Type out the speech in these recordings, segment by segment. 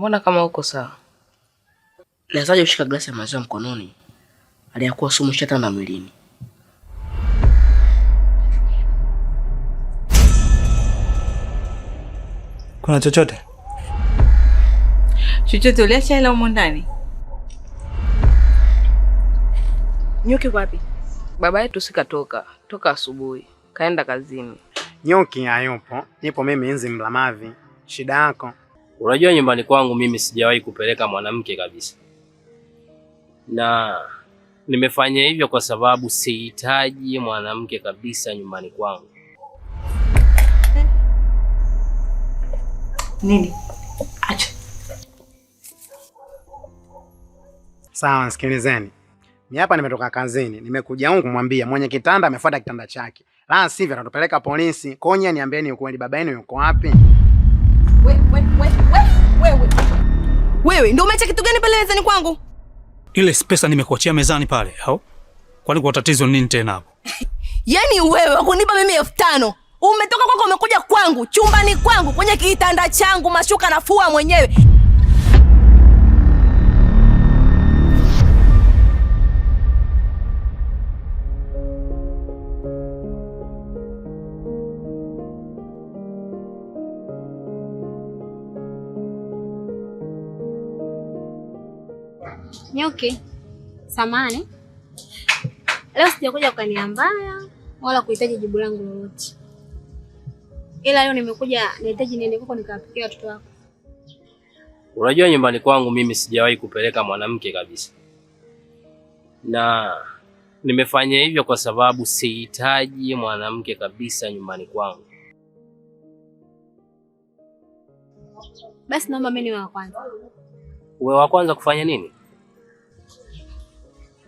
Mbona kama uko sawa? Nawezaje ushika glasi ya maziwa mkononi aliyakuwa sumu shatana mwilini? Kuna chochote chochote? Uliacha hela humo ndani? Nyuki wapi? Baba yetu sikatoka toka asubuhi, kaenda kazini. Nyuki hayupo, nipo mimi Nzi Mlamavi. Shida yako Unajua, nyumbani kwangu mimi sijawahi kupeleka mwanamke kabisa, na nimefanya hivyo kwa sababu sihitaji mwanamke kabisa nyumbani kwangu. Nini? Acha. Sawa, nisikilizeni. Mi hapa nimetoka kazini, nimekuja huku kumwambia mwenye kitanda amefuata kitanda chake, la sivyo atatupeleka polisi. Konya, niambieni ukweli, baba yenu yuko wapi? wewe ndio umeacha kitu gani pale mezani kwangu? Ile pesa nimekuachia mezani pale au? Kwani kwa tatizo nini tena hapo? Yaani wewe wakunipa mimi elfu tano umetoka kwako umekuja kwangu chumbani kwangu kwenye kitanda changu mashuka nafua mwenyewe Nyuki, samani leo sijakuja kwa nia mbaya wala kuhitaji jibu langu lolote, ila leo nimekuja nahitaji niende huko nikawapikia watoto wako. Unajua, nyumbani kwangu mimi sijawahi kupeleka mwanamke kabisa, na nimefanya hivyo kwa sababu sihitaji mwanamke kabisa nyumbani kwangu. Basi naomba mimi niwe wa kwanza. Uwe wa kwanza kufanya nini?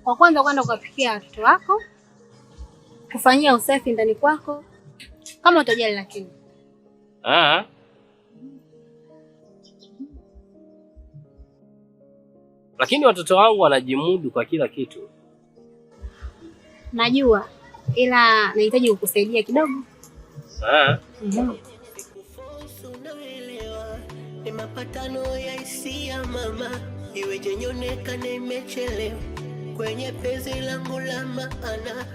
Kwa kwanza kwenda kuwapikia watoto wako, kufanyia usafi ndani kwako, kama utajali. Lakini ah, lakini watoto wangu wanajimudu kwa kila kitu, najua, ila nahitaji kukusaidia kidogo. Ah. Mm-hmm. Mapatano ya hisia mama, iweje nionekane imechelewa kwenye penzi langu la maana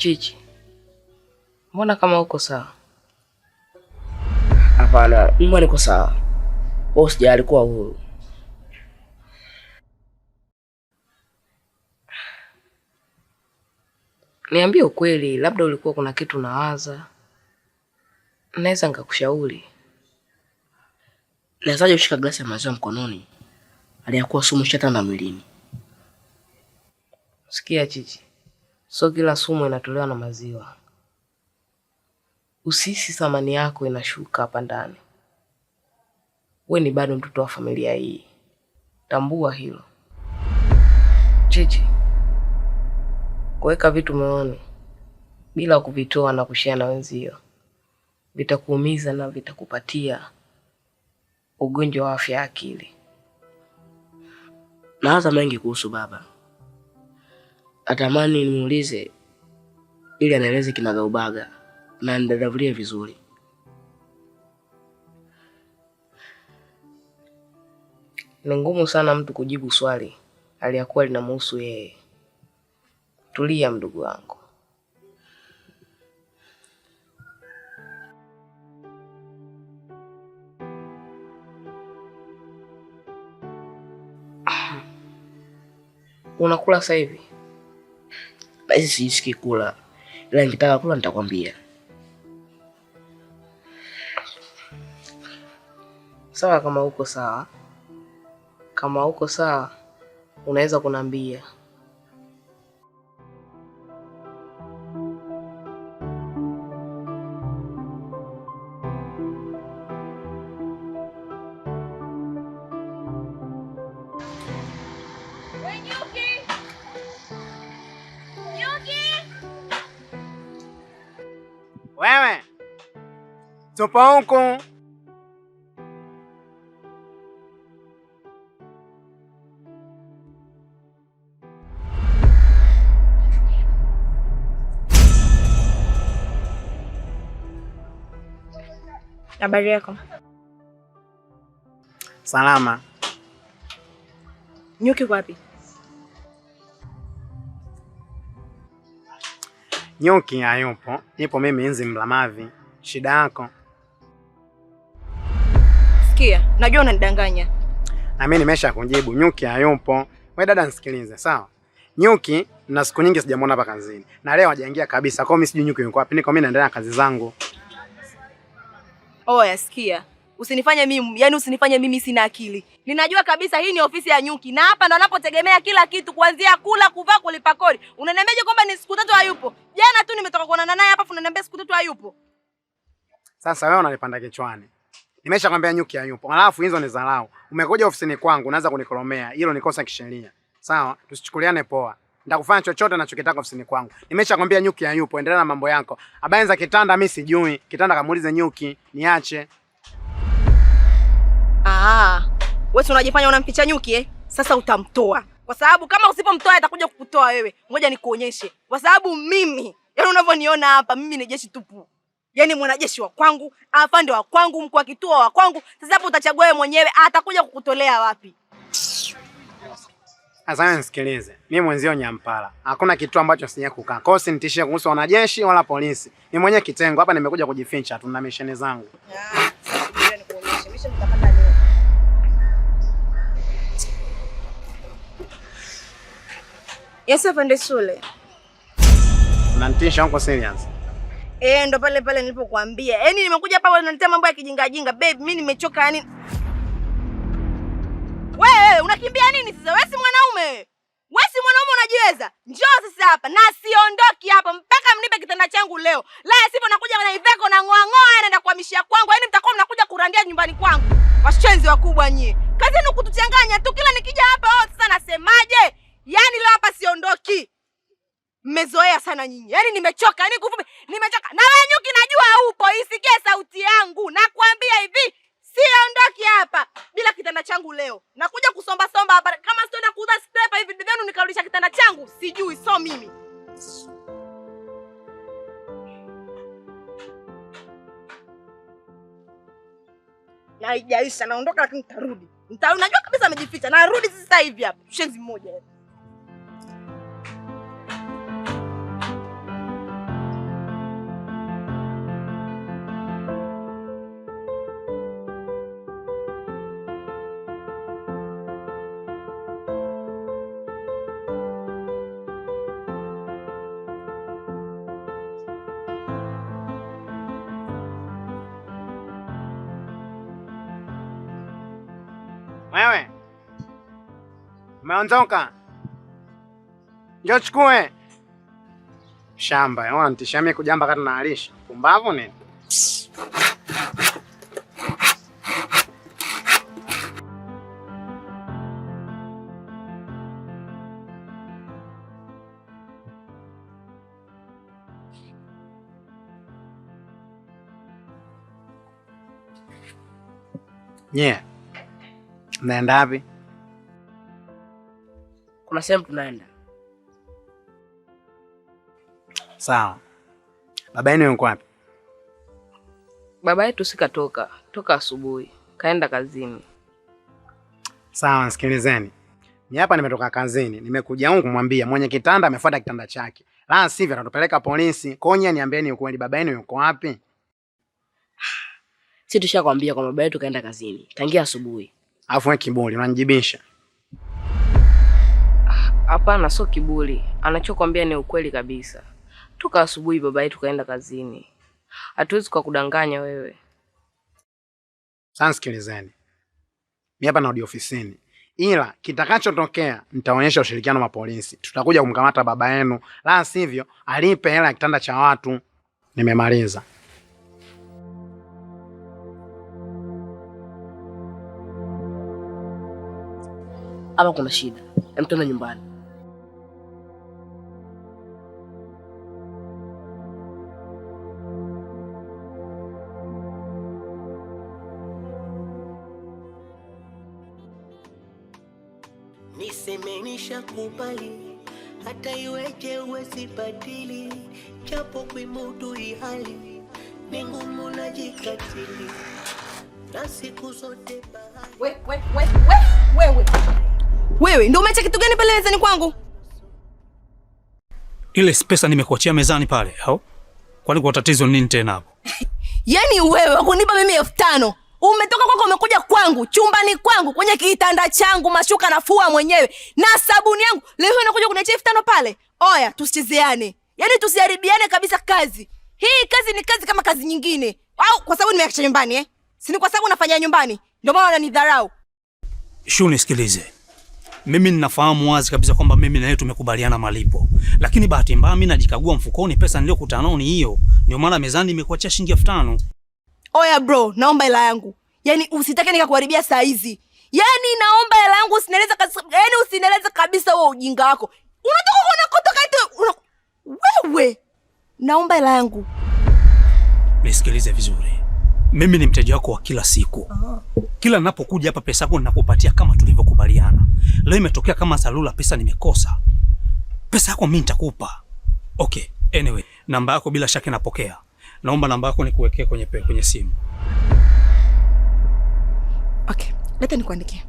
Chichi, mbona kama uko sawa? Hapana, mma, niko sawa. Wewe usijali, kuwa huru. Niambie ukweli, labda ulikuwa kuna kitu nawaza, naweza nikakushauri. Nawezaje ushika glasi ya maziwa mkononi aliyakuwa sumu shatanda mwilini? Sikia Chichi, so kila sumu inatolewa na maziwa. Usihisi thamani yako inashuka hapa ndani, we ni bado mtoto wa familia hii, tambua hilo. Chichi, kuweka vitu moyoni bila kuvitoa na kushia na wenzio vitakuumiza na vitakupatia ugonjwa wa afya ya akili. Nawaza mengi kuhusu baba atamani nimuulize ili anaeleze kinagaubaga na nidadavulie vizuri. Ni ngumu sana mtu kujibu swali aliyakuwa linamhusu yeye. Tulia mdogo wangu. Unakula sasa hivi? basi sijisiki kula, ila nikitaka kula nitakwambia. Sawa, kama uko sawa, kama uko sawa, unaweza kunambia ਪਾਉ ਕੋ Habari yako? Salama. Nyuki wapi? Nyuki hayupo, ipo mimi nzi mlamavi. Shida yako? Sikia, najua unanidanganya. Na mimi nimesha kujibu, nyuki hayupo. Wewe dada, nisikilize sawa. Nyuki na siku nyingi sijamwona hapa kazini, na leo hajaingia kabisa. Kwa mimi sijui nyuki yuko wapi, niko mimi naendelea na kazi zangu. Oh, yasikia Usinifanye mimi yani, usinifanye mimi sina akili. Ninajua kabisa hii ni ofisi ya Nyuki na hapa ndo wanapotegemea kila kitu, kuanzia kula, kuvaa, kulipa kodi. Unaniambiaje kwamba ni siku tatu hayupo? Jana tu nimetoka kuonana naye hapa, funaniambia siku tatu hayupo. Sasa wewe unanipanda kichwani. Nimeshakwambia nyuki hayupo. Alafu hizo ni dharau. Umekuja ofisini kwangu unaanza kunikolomea. Hilo ni kosa kisheria. Sawa? Tusichukuliane poa. Nitakufanya chochote nachokitaka ofisini kwangu. Nimeshakwambia nyuki hayupo. Endelea na mambo yako. Habari za kitanda mimi sijui. Kitanda kamuulize nyuki. Niache. Ah. Wewe unajifanya unampicha nyuki eh? Sasa utamtoa. Kwa sababu kama usipomtoa atakuja kukutoa wewe. Ngoja nikuonyeshe. Kwa sababu mimi, yaani unavyoniona hapa, mimi ni jeshi tupu. Yaani mwanajeshi wa kwangu, afande wa kwangu, mkuu wa kituo wa kwangu. Sasa hapo utachagua wewe mwenyewe atakuja kukutolea wapi? Asante, nisikilize. Mimi mwenzio nyampala. Hakuna kitu ambacho sija kukaa. Kwa hiyo usinitishie kuhusu wanajeshi wala polisi. Ni mwenye kitengo hapa, nimekuja kujificha tu na misheni zangu. Yes, afande Sule. Unanitisha, uko serious? Eh, ndo pale pale nilipokuambia. Yaani nimekuja hapa unanitia mambo ya kijinga jinga. Babe, mimi nimechoka yani. Wewe unakimbia nini sasa? Wewe si mwanaume. Wewe si mwanaume unajiweza. Njoo sasa hapa na siondoki hapa mpaka mnipe kitanda changu leo. La sivyo nakuja na iveko na ngoa ngoa yaani naenda kuhamishia kwangu. Yaani mtakuwa mnakuja kurandia nyumbani kwangu. Washenzi wakubwa nyie. Kazi yenu kutuchanganya tu kila nikija hapa oh, sasa nasemaje? Yaani leo hapa siondoki. Mmezoea sana nyinyi, yaani nimechoka, yaani kuvume, nimechoka. Na wewe nyuki, najua upo, isikie sauti yangu. Nakwambia hivi, siondoki hapa bila kitanda changu leo. Nakuja kusomba somba hapa, kama sitoenda kuuza scraper hivi ndivyo nikarudisha kitanda changu, sijui, so mimi Naijaisha, naondoka, lakini nitarudi, nitarudi. Najua kabisa amejificha, narudi sasa hivi hapa, shenzi mmoja Umeondoka? Njoo chukue shamba. Wanatishami yaani kujamba kati naalisha pumbavu nini? Nye yeah. Mnaenda wapi? kuna sehemu tunaenda. Sawa. Baba yenu yuko wapi? Baba yetu sikatoka toka asubuhi, kaenda kazini. Sawa, sikilizeni, Ni hapa nimetoka kazini, nimekuja huku kumwambia mwenye kitanda amefuata kitanda chake, la sivyo atatupeleka polisi. Konya, niambieni ukweli, baba yenu yuko wapi? Si tushakwambia kwamba baba yetu kaenda kazini tangia asubuhi, Afu wewe kiburi unanijibisha. Hapana, sio kiburi, anachokwambia ni ukweli kabisa. Toka asubuhi baba yetu kaenda kazini, hatuwezi kwa kudanganya wewe. Sasa sikilizeni, mi hapa narudi ofisini, ila kitakachotokea nitaonyesha ushirikiano wa polisi. Tutakuja kumkamata baba yenu, la sivyo alipe hela ya kitanda cha watu. Nimemaliza. Ama kuna shida, emtona nyumbani. mbali, hata iweje uwezi badili, japo kuimudu hali ni ngumu, jikatili na siku zote bahari. Wewe wewe ndio umeacha kitu gani pale mezani kwangu? Ile pesa nimekuachia mezani pale au? Kwani kwa tatizo nini tena hapo? Yaani wewe wakunipa mimi elfu tano Umetoka kwako umekuja kwangu, chumbani kwangu, kwenye kitanda changu, mashuka nafua mwenyewe na sabuni yangu. Leo unakuja kuniachia elfu tano pale? Oya, tusichezeane, yaani tusiharibiane kabisa kazi hii. Kazi ni kazi kama kazi nyingine. Au kwa sababu nimeacha nyumbani eh? sini kwa sababu nafanya nyumbani ndio maana unanidharau? Shu, nisikilize mimi ninafahamu wazi kabisa kwamba mimi na yeye tumekubaliana malipo, lakini bahati mbaya mimi najikagua mfukoni, pesa niliyokutana nao ni hiyo. Ndio maana mezani nimekuachia shilingi elfu tano. Oya bro, naomba hela yangu. Yaani usitake nikakuharibia saa hizi. Yaani naomba hela yangu usinieleze kabisa. Yaani usinieleze kabisa wewe ujinga wako. Unataka kuona kutoka ito una... wewe. Naomba hela yangu. Nisikilize vizuri. Mimi ni mteja wako wa kila siku. Aha. Kila ninapokuja hapa pesa yako ninakupatia kama tulivyokubaliana. Leo imetokea kama salula pesa nimekosa. Pesa yako mimi nitakupa. Okay, anyway, namba yako bila shaka napokea naomba namba yako nikuwekee kwenye, kwenye simu. Okay, leta nikuandikia.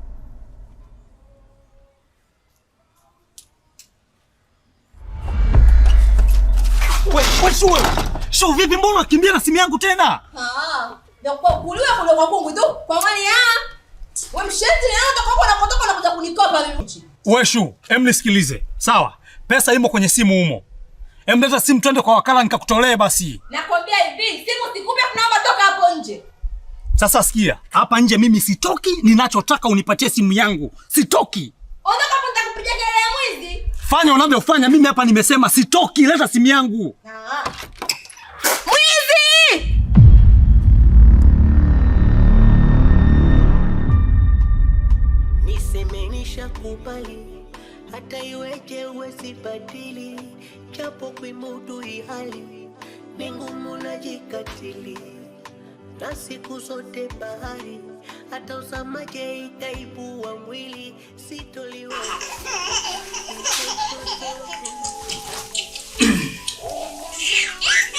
Shoo, vipi mbona unakimbia na simu yangu tena? Ah, we Shoo, em nisikilize. Sawa, pesa imo kwenye simu humo. Em leta simu twende kwa wakala nikakutolee basi. Na hivi, simu sikupe, tunaomba toka hapo nje. Sasa sikia, hapa nje mimi sitoki, ninachotaka unipatie simu yangu. Sitoki. Ondoka hapo, nitakupiga kelele ya mwizi. Fanya unavyofanya, mimi hapa nimesema sitoki, leta simu yangu. Aa. Mwizi! Nisemenisha kubali hata iweje uwezi badili japo kuimudu hali ni ngumu najikatili, na siku zote bahari, hata usamaje itaibua mwili sitoliwa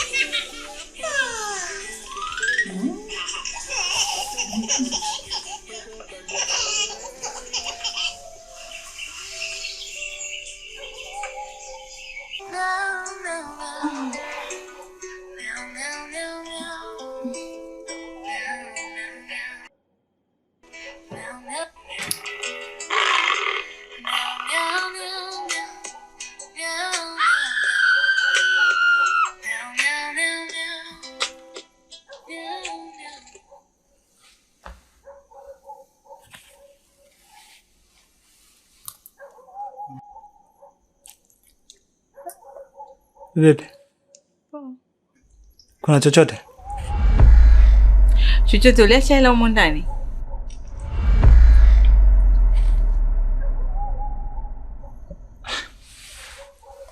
Vipi? Kuna chochote? Chochote uliacha hela humo ndani?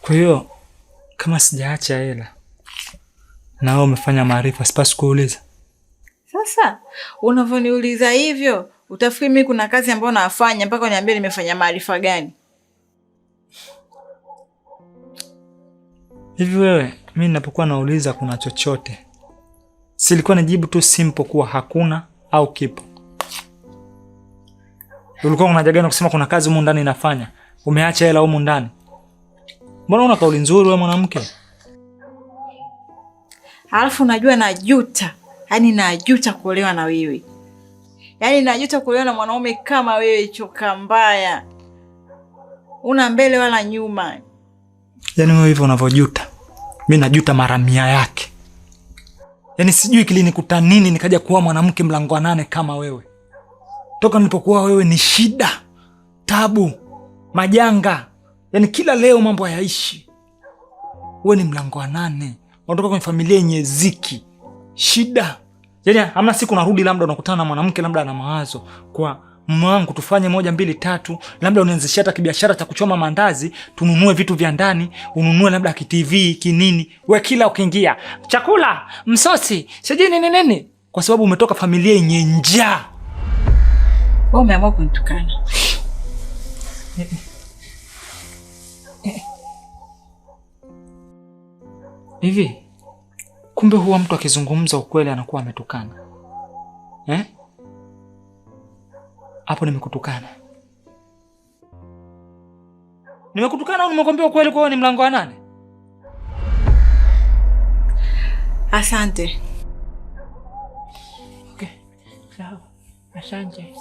Kwa hiyo kama sijaacha hela na wewe umefanya maarifa, sipasi kuuliza? Sasa unavyoniuliza hivyo, utafikiri mimi kuna kazi ambayo nafanya mpaka uniambie nimefanya maarifa gani? Hivi wewe, mi ninapokuwa nauliza kuna chochote, silikuwa najibu tu simple kuwa hakuna au kipo? Ulikuwa kuna haja gani kusema kuna kazi humu ndani inafanya, umeacha hela humu ndani? Mbona una kauli nzuri wewe mwanamke? Alafu unajua najuta, yaani najuta kuolewa na wewe, yaani najuta kuolewa na mwanaume kama wewe, choka mbaya, una mbele wala nyuma. Yaani wewe hivyo unavyojuta mi najuta mara mia yake. Yaani sijui kilinikuta nini nikaja kuwa mwanamke mlango wa nane kama wewe. Toka nilipokuwa wewe ni shida, tabu, majanga, yaani kila leo mambo hayaishi. Wewe ni mlango wa nane, natoka kwenye familia yenye ziki, shida, yaani hamna siku narudi labda unakutana na mwanamke labda ana mawazo kwa mume wangu, tufanye moja mbili tatu, labda unaanzisha hata kibiashara cha kuchoma mandazi, tununue vitu vya ndani, ununue labda kitv kinini, we kila ukiingia chakula msosi sijui nini nini, kwa sababu umetoka familia yenye njaa. Wewe umeamua kunitukana hivi? Kumbe huwa mtu akizungumza ukweli anakuwa ametukana eh? hapo nimekutukana, nimekutukana au nimekwambia ukweli? Kwa hiyo ni mlango wa nane. Asante. Okay. Sawa. Asante.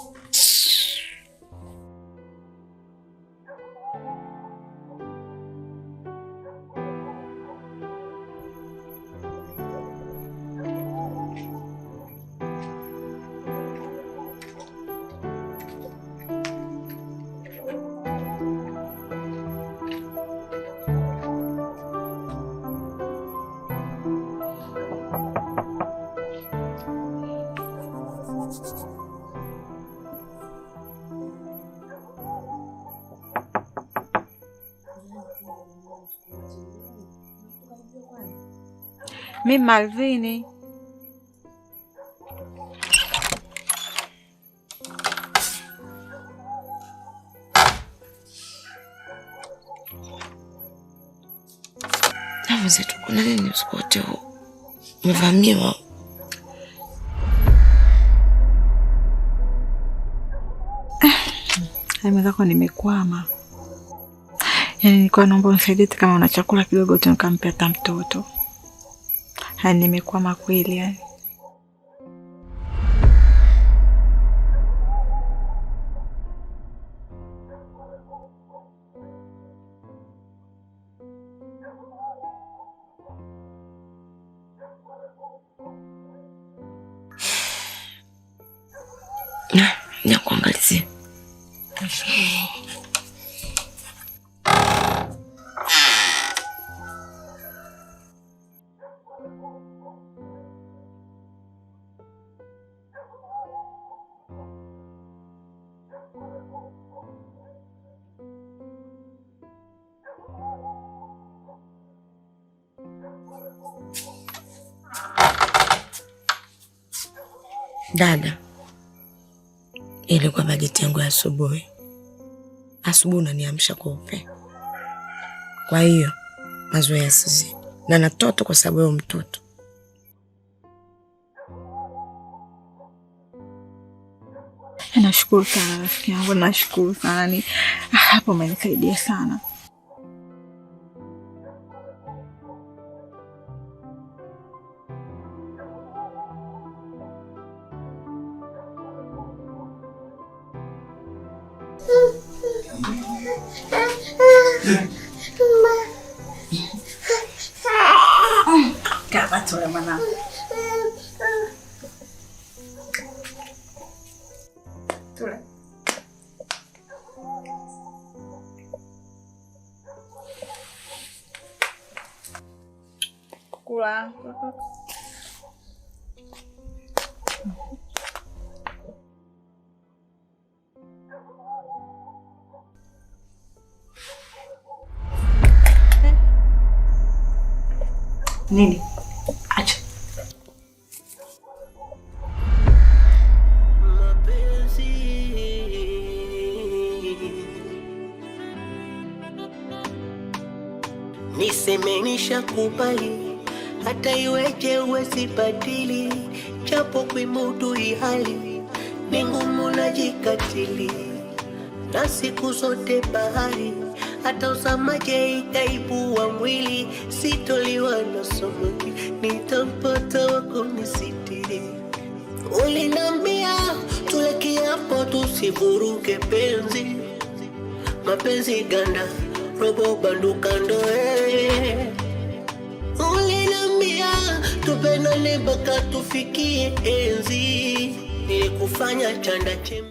Mi Malvini mwenzetu, kuna nini usiku wote huu umevamiwa? Mezako nimekwama, yaani nilikuwa naomba unisaidie kama una chakula kidogo tu nikampe hata mtoto Yaani nimekwama kweli yani. Nakuangalizia Dada, ilikuwa bajeti yangu ya asubuhi. Asubuhi unaniamsha kwa upe, kwa hiyo mazoea yasizidi, na natoto kwa sababu ya mtoto. Nashukuru sana rafiki yangu, nashukuru sana. Ah, hapo umenisaidia sana kula. Nini? Acha. Nisemenisha shakubali hata iweje uwezibadili, japo kuimudu ihali ni ngumu, jikatili na siku zote bahari, hata uzamaje wa mwili, sitoliwa na somoki, nitampata wa Ulinambia tule kiapo tusivuruke penzi, mapenzi ganda robo banduka ndoe ulinambia tupendane mpaka tufikie enzi, kufanya chanda chema.